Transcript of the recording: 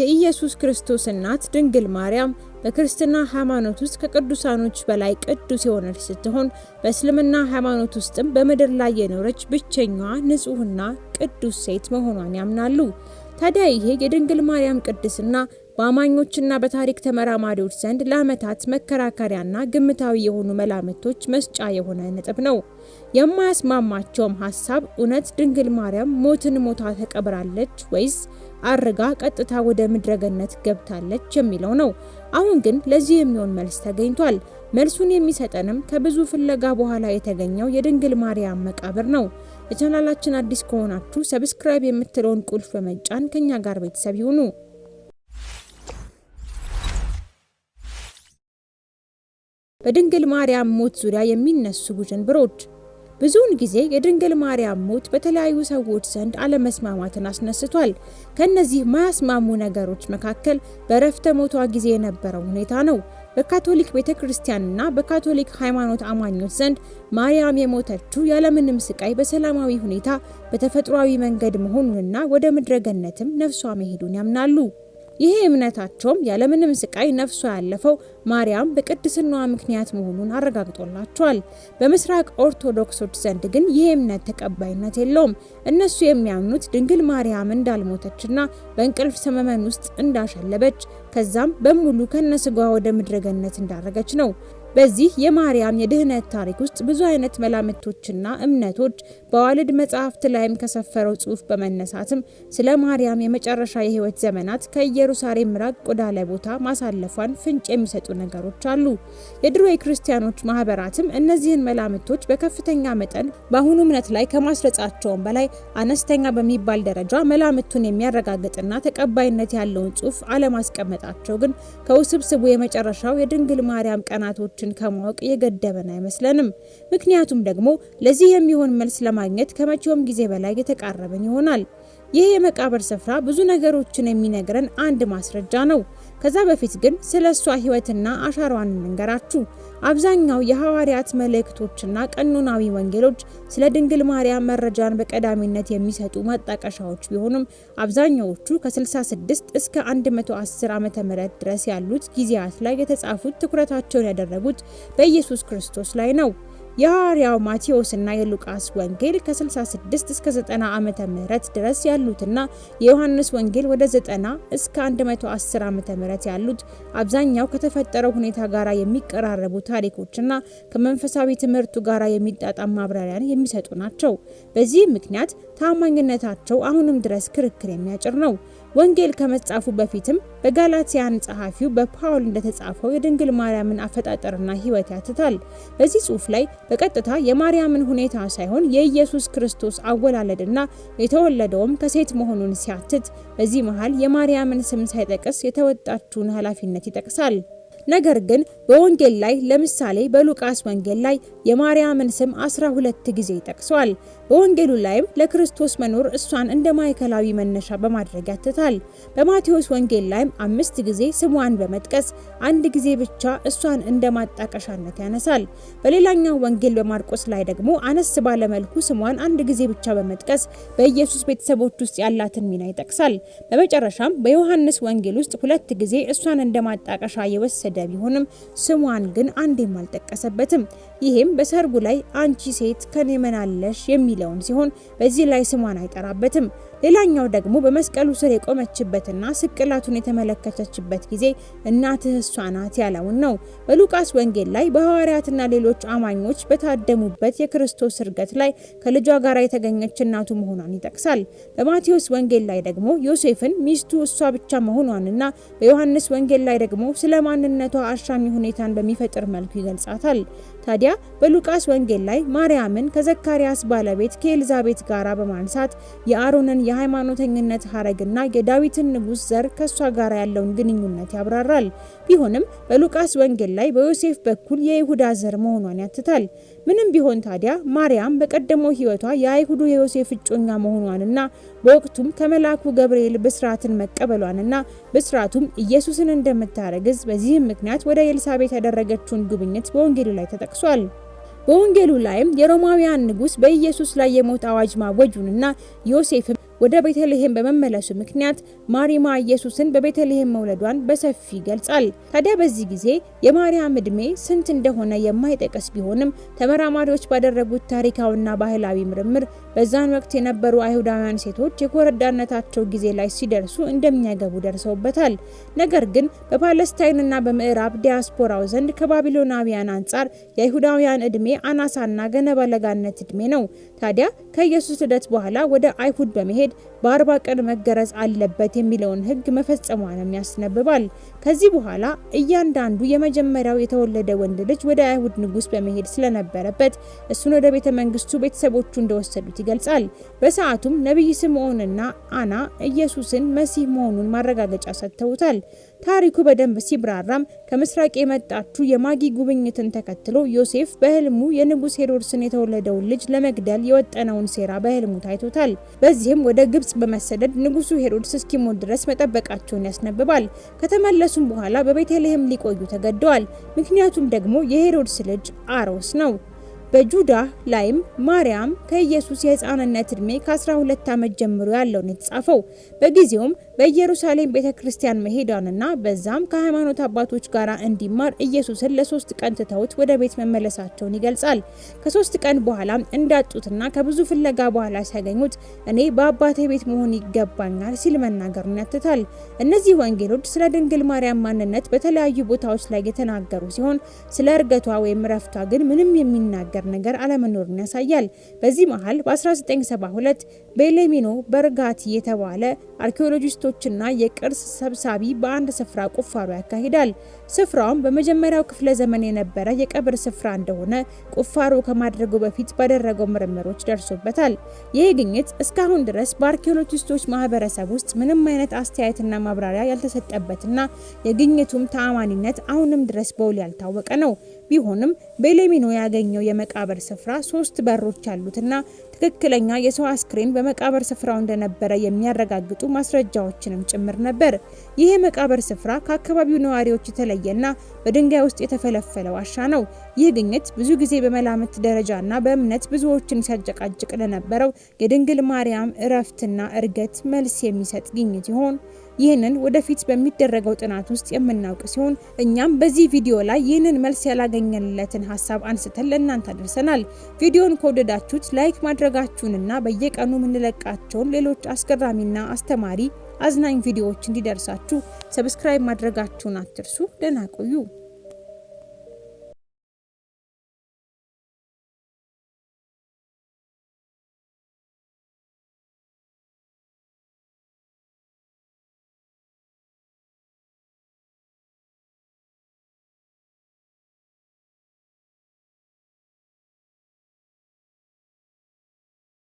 የኢየሱስ ክርስቶስ እናት ድንግል ማርያም በክርስትና ሃይማኖት ውስጥ ከቅዱሳኖች በላይ ቅዱስ የሆነች ስትሆን በእስልምና ሃይማኖት ውስጥም በምድር ላይ የኖረች ብቸኛዋ ንጹሕና ቅዱስ ሴት መሆኗን ያምናሉ። ታዲያ ይሄ የድንግል ማርያም ቅድስና በአማኞችና በታሪክ ተመራማሪዎች ዘንድ ለዓመታት መከራከሪያና ግምታዊ የሆኑ መላምቶች መስጫ የሆነ ነጥብ ነው። የማያስማማቸውም ሀሳብ እውነት ድንግል ማርያም ሞትን ሞታ ተቀብራለች ወይስ አርጋ ቀጥታ ወደ ምድረገነት ገብታለች የሚለው ነው። አሁን ግን ለዚህ የሚሆን መልስ ተገኝቷል። መልሱን የሚሰጠንም ከብዙ ፍለጋ በኋላ የተገኘው የድንግል ማርያም መቃብር ነው። የቻናላችን አዲስ ከሆናችሁ ሰብስክራይብ የምትለውን ቁልፍ በመጫን ከኛ ጋር ቤተሰብ ይሁኑ። በድንግል ማርያም ሞት ዙሪያ የሚነሱ ውዥንብሮች ብዙውን ጊዜ የድንግል ማርያም ሞት በተለያዩ ሰዎች ዘንድ አለመስማማትን አስነስቷል። ከእነዚህ ማያስማሙ ነገሮች መካከል በረፍተ ሞቷ ጊዜ የነበረው ሁኔታ ነው። በካቶሊክ ቤተ ክርስቲያንና በካቶሊክ ሃይማኖት አማኞች ዘንድ ማርያም የሞተችው ያለምንም ስቃይ በሰላማዊ ሁኔታ በተፈጥሯዊ መንገድ መሆኑንና ወደ ምድረገነትም ነፍሷ መሄዱን ያምናሉ። ይህ እምነታቸውም ያለምንም ስቃይ ነፍሷ ያለፈው ማርያም በቅድስናዋ ምክንያት መሆኑን አረጋግጦላቸዋል። በምስራቅ ኦርቶዶክሶች ዘንድ ግን ይህ እምነት ተቀባይነት የለውም። እነሱ የሚያምኑት ድንግል ማርያም እንዳልሞተችና በእንቅልፍ ሰመመን ውስጥ እንዳሸለበች ከዛም በሙሉ ከነስጋ ወደ ምድረገነት እንዳረገች ነው። በዚህ የማርያም የድህነት ታሪክ ውስጥ ብዙ አይነት መላምቶችና እምነቶች በዋልድ መጽሐፍት ላይም ከሰፈረው ጽሑፍ በመነሳትም ስለ ማርያም የመጨረሻ የህይወት ዘመናት ከኢየሩሳሌም ራቅ ወዳለ ቦታ ማሳለፏን ፍንጭ የሚሰጡ ነገሮች አሉ። የድሮ የክርስቲያኖች ማህበራትም እነዚህን መላምቶች በከፍተኛ መጠን በአሁኑ እምነት ላይ ከማስረጻቸውም በላይ አነስተኛ በሚባል ደረጃ መላምቱን የሚያረጋግጥና ተቀባይነት ያለውን ጽሑፍ አለማስቀመጣቸው ግን ከውስብስቡ የመጨረሻው የድንግል ማርያም ቀናቶች ነገሮችን ከማወቅ የገደበን አይመስለንም። ምክንያቱም ደግሞ ለዚህ የሚሆን መልስ ለማግኘት ከመቼውም ጊዜ በላይ የተቃረብን ይሆናል። ይህ የመቃብር ስፍራ ብዙ ነገሮችን የሚነግረን አንድ ማስረጃ ነው። ከዛ በፊት ግን ስለ እሷ ህይወትና አሻሯን እንንገራችሁ። አብዛኛው የሐዋርያት መልእክቶችና ቀኖናዊ ወንጌሎች ስለ ድንግል ማርያም መረጃን በቀዳሚነት የሚሰጡ ማጣቀሻዎች ቢሆኑም አብዛኛዎቹ ከ66 እስከ 110 ዓ.ም ድረስ ያሉት ጊዜያት ላይ የተጻፉት ትኩረታቸውን ያደረጉት በኢየሱስ ክርስቶስ ላይ ነው። የሐዋርያው ማቴዎስና የሉቃስ ወንጌል ከ66 እስከ 90 ዓመተ ምህረት ድረስ ያሉትና የዮሐንስ ወንጌል ወደ 90 እስከ 110 ዓመተ ምህረት ያሉት አብዛኛው ከተፈጠረው ሁኔታ ጋራ የሚቀራረቡ ታሪኮችና ከመንፈሳዊ ትምህርቱ ጋራ የሚጣጣም ማብራሪያን የሚሰጡ ናቸው። በዚህ ምክንያት ታማኝነታቸው አሁንም ድረስ ክርክር የሚያጭር ነው። ወንጌል ከመጻፉ በፊትም በጋላትያን ጸሐፊው በፓውል እንደተጻፈው የድንግል ማርያምን አፈጣጠርና ሕይወት ያትታል። በዚህ ጽሑፍ ላይ በቀጥታ የማርያምን ሁኔታ ሳይሆን የኢየሱስ ክርስቶስ አወላለድና የተወለደውም ከሴት መሆኑን ሲያትት፣ በዚህ መሃል የማርያምን ስም ሳይጠቅስ የተወጣችውን ኃላፊነት ይጠቅሳል። ነገር ግን በወንጌል ላይ ለምሳሌ በሉቃስ ወንጌል ላይ የማርያምን ስም 12 ጊዜ ጠቅሷል። በወንጌሉ ላይም ለክርስቶስ መኖር እሷን እንደ ማዕከላዊ መነሻ በማድረግ ያትታል። በማቴዎስ ወንጌል ላይም አምስት ጊዜ ስሟን በመጥቀስ አንድ ጊዜ ብቻ እሷን እንደ ማጣቀሻነት ያነሳል። በሌላኛው ወንጌል በማርቆስ ላይ ደግሞ አነስ ባለመልኩ ስሟን አንድ ጊዜ ብቻ በመጥቀስ በኢየሱስ ቤተሰቦች ውስጥ ያላትን ሚና ይጠቅሳል። በመጨረሻም በዮሐንስ ወንጌል ውስጥ ሁለት ጊዜ እሷን እንደ ማጣቀሻ የወሰደ የወሰደ ቢሆንም ስሟን ግን አንዴም አልጠቀሰበትም። ይህም በሰርጉ ላይ አንቺ ሴት ከኔ ምናለሽ የሚለውን ሲሆን በዚህ ላይ ስሟን አይጠራበትም። ሌላኛው ደግሞ በመስቀሉ ስር የቆመችበትና ስቅላቱን የተመለከተችበት ጊዜ እናትህ እሷ ናት ያለውን ነው። በሉቃስ ወንጌል ላይ በሐዋርያትና ሌሎች አማኞች በታደሙበት የክርስቶስ እርገት ላይ ከልጇ ጋር የተገኘች እናቱ መሆኗን ይጠቅሳል። በማቴዎስ ወንጌል ላይ ደግሞ ዮሴፍን ሚስቱ እሷ ብቻ መሆኗንና በዮሐንስ ወንጌል ላይ ደግሞ ስለ ማንነቷ አሻሚ ሁኔታን በሚፈጥር መልኩ ይገልጻታል። ታዲያ በሉቃስ ወንጌል ላይ ማርያምን ከዘካርያስ ባለቤት ከኤልዛቤት ጋራ በማንሳት የአሮንን የሃይማኖተኝነት ሀረግና የዳዊትን ንጉሥ ዘር ከእሷ ጋር ያለውን ግንኙነት ያብራራል። ቢሆንም በሉቃስ ወንጌል ላይ በዮሴፍ በኩል የይሁዳ ዘር መሆኗን ያትታል። ምንም ቢሆን ታዲያ ማርያም በቀደመው ሕይወቷ የአይሁዱ የዮሴፍ እጮኛ መሆኗንና በወቅቱም ከመልአኩ ገብርኤል ብስራትን መቀበሏንና ብስራቱም ኢየሱስን እንደምታረግዝ በዚህም ምክንያት ወደ ኤልሳቤት ያደረገችውን ጉብኝት በወንጌሉ ላይ ተጠቅሷል። በወንጌሉ ላይም የሮማውያን ንጉሥ በኢየሱስ ላይ የሞት አዋጅ ማወጁንና ዮሴፍም ወደ ቤተልሔም በመመለሱ ምክንያት ማሪማ ኢየሱስን በቤተልሔም መውለዷን በሰፊ ይገልጻል። ታዲያ በዚህ ጊዜ የማርያም ዕድሜ ስንት እንደሆነ የማይጠቀስ ቢሆንም ተመራማሪዎች ባደረጉት ታሪካዊና ባህላዊ ምርምር በዛን ወቅት የነበሩ አይሁዳውያን ሴቶች የኮረዳነታቸው ጊዜ ላይ ሲደርሱ እንደሚያገቡ ደርሰውበታል። ነገር ግን በፓለስታይንና በምዕራብ ዲያስፖራው ዘንድ ከባቢሎናውያን አንጻር የአይሁዳውያን ዕድሜ አናሳና ገና ባለጋነት ዕድሜ ነው። ታዲያ ከኢየሱስ ልደት በኋላ ወደ አይሁድ በመሄድ ሲሄድ በአርባ ቀን መገረዝ አለበት የሚለውን ህግ መፈጸሟንም ያስነብባል። ከዚህ በኋላ እያንዳንዱ የመጀመሪያው የተወለደ ወንድ ልጅ ወደ አይሁድ ንጉሥ በመሄድ ስለነበረበት እሱን ወደ ቤተ መንግስቱ ቤተሰቦቹ እንደወሰዱት ይገልጻል። በሰዓቱም ነቢይ ስምዖንና አና ኢየሱስን መሲህ መሆኑን ማረጋገጫ ሰጥተውታል። ታሪኩ በደንብ ሲብራራም ከምስራቅ የመጣችው የማጊ ጉብኝትን ተከትሎ ዮሴፍ በህልሙ የንጉሥ ሄሮድስን የተወለደውን ልጅ ለመግደል የወጠነውን ሴራ በህልሙ ታይቶታል። በዚህም ወደ ግብጽ በመሰደድ ንጉሱ ሄሮድስ እስኪሞት ድረስ መጠበቃቸውን ያስነብባል። ከተመለሱም በኋላ በቤተልሔም ሊቆዩ ተገደዋል። ምክንያቱም ደግሞ የሄሮድስ ልጅ አሮስ ነው። በጁዳ ላይም ማርያም ከኢየሱስ የህፃንነት ዕድሜ ከ12 ዓመት ጀምሮ ያለውን የተጻፈው። በጊዜውም በኢየሩሳሌም ቤተ ክርስቲያን መሄዷንና በዛም ከሃይማኖት አባቶች ጋር እንዲማር ኢየሱስን ለሶስት ቀን ትተውት ወደ ቤት መመለሳቸውን ይገልጻል። ከሶስት ቀን በኋላም እንዳጡትና ከብዙ ፍለጋ በኋላ ሲያገኙት እኔ በአባቴ ቤት መሆን ይገባኛል ሲል መናገሩን ያትታል። እነዚህ ወንጌሎች ስለ ድንግል ማርያም ማንነት በተለያዩ ቦታዎች ላይ የተናገሩ ሲሆን ስለ እርገቷ ወይም ረፍቷ ግን ምንም የሚናገር የሚመከር ነገር አለመኖሩን ያሳያል። በዚህ መሀል በ1972 ቤሌሚኖ በርጋቲ የተባለ አርኪኦሎጂስቶችና የቅርስ ሰብሳቢ በአንድ ስፍራ ቁፋሮ ያካሂዳል። ስፍራውም በመጀመሪያው ክፍለ ዘመን የነበረ የቀብር ስፍራ እንደሆነ ቁፋሮ ከማድረጉ በፊት ባደረገው ምርምሮች ደርሶበታል። ይህ ግኝት እስካሁን ድረስ በአርኪኦሎጂስቶች ማህበረሰብ ውስጥ ምንም አይነት አስተያየትና ማብራሪያ ያልተሰጠበትና የግኝቱም ተአማኒነት አሁንም ድረስ በውል ያልታወቀ ነው። ቢሆንም ቤሌሚኖ ያገኘው የመቃብር ስፍራ ሶስት በሮች ያሉትና ትክክለኛ የሰው አስክሬን በመቃብር ስፍራው እንደነበረ የሚያረጋግጡ ማስረጃዎችንም ጭምር ነበር። ይህ የመቃብር ስፍራ ከአካባቢው ነዋሪዎች የተለየና በድንጋይ ውስጥ የተፈለፈለ ዋሻ ነው። ይህ ግኝት ብዙ ጊዜ በመላምት ደረጃና በእምነት ብዙዎችን ሲያጨቃጭቅ ለነበረው የድንግል ማርያም እረፍትና እርገት መልስ የሚሰጥ ግኝት ይሆን? ይህንን ወደፊት በሚደረገው ጥናት ውስጥ የምናውቅ ሲሆን እኛም በዚህ ቪዲዮ ላይ ይህንን መልስ ያላገኘንለትን ሀሳብ አንስተን ለእናንተ አድርሰናል። ቪዲዮን ከወደዳችሁት ላይክ ማድረጋችሁንና በየቀኑ የምንለቃቸውን ሌሎች አስገራሚና አስተማሪ አዝናኝ ቪዲዮዎች እንዲደርሳችሁ ሰብስክራይብ ማድረጋችሁን አትርሱ። ደህና ቆዩ።